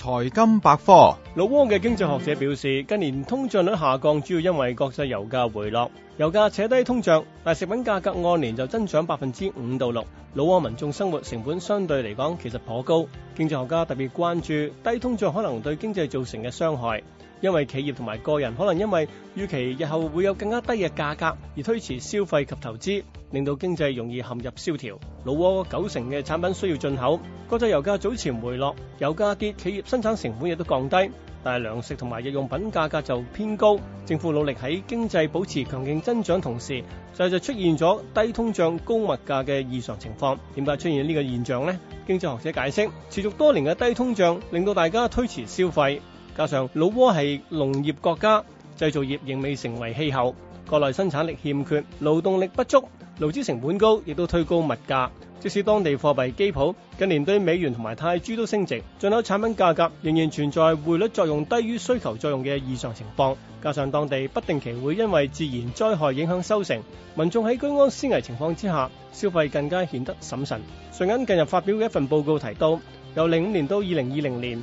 財金百科。老撾嘅經濟學者表示，近年通脹率下降，主要因為國際油價回落，油價扯低通脹，但食品價格按年就增長百分之五到六。老撾民眾生活成本相對嚟講其實頗高，經濟學家特別關注低通脹可能對經濟造成嘅傷害，因為企業同埋個人可能因為預期日後會有更加低嘅價格而推遲消費及投資，令到經濟容易陷入蕭條。老撾九成嘅產品需要進口，國際油價早前回落，油價跌，企業生產成本亦都降低。但係糧食同埋日用品價格就偏高，政府努力喺經濟保持強勁增長同時，就係就出現咗低通脹高物價嘅異常情況。點解出現呢個現象咧？經濟學者解釋，持續多年嘅低通脹令到大家推遲消費，加上老撾係農業國家。製造業仍未成為氣候，國內生產力欠缺、勞動力不足、勞資成本高，亦都推高物價。即使當地貨幣基普近年對美元同埋泰銖都升值，進口產品價格仍然存在匯率作用低於需求作用嘅異常情況。加上當地不定期會因為自然災害影響收成，民眾喺居安思危情況之下，消費更加顯得審慎。瑞銀近日發表嘅一份報告提到，由零五年到二零二零年，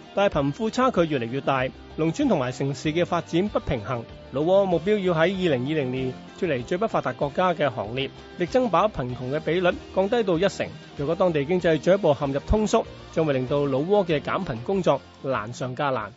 但係貧富差距越嚟越大，農村同埋城市嘅發展不平衡。老撾目標要喺二零二零年脫離最，最不發達國家嘅行列，力爭把貧窮嘅比率降低到一成。如果當地經濟進一步陷入通縮，將會令到老撾嘅減貧工作難上加難。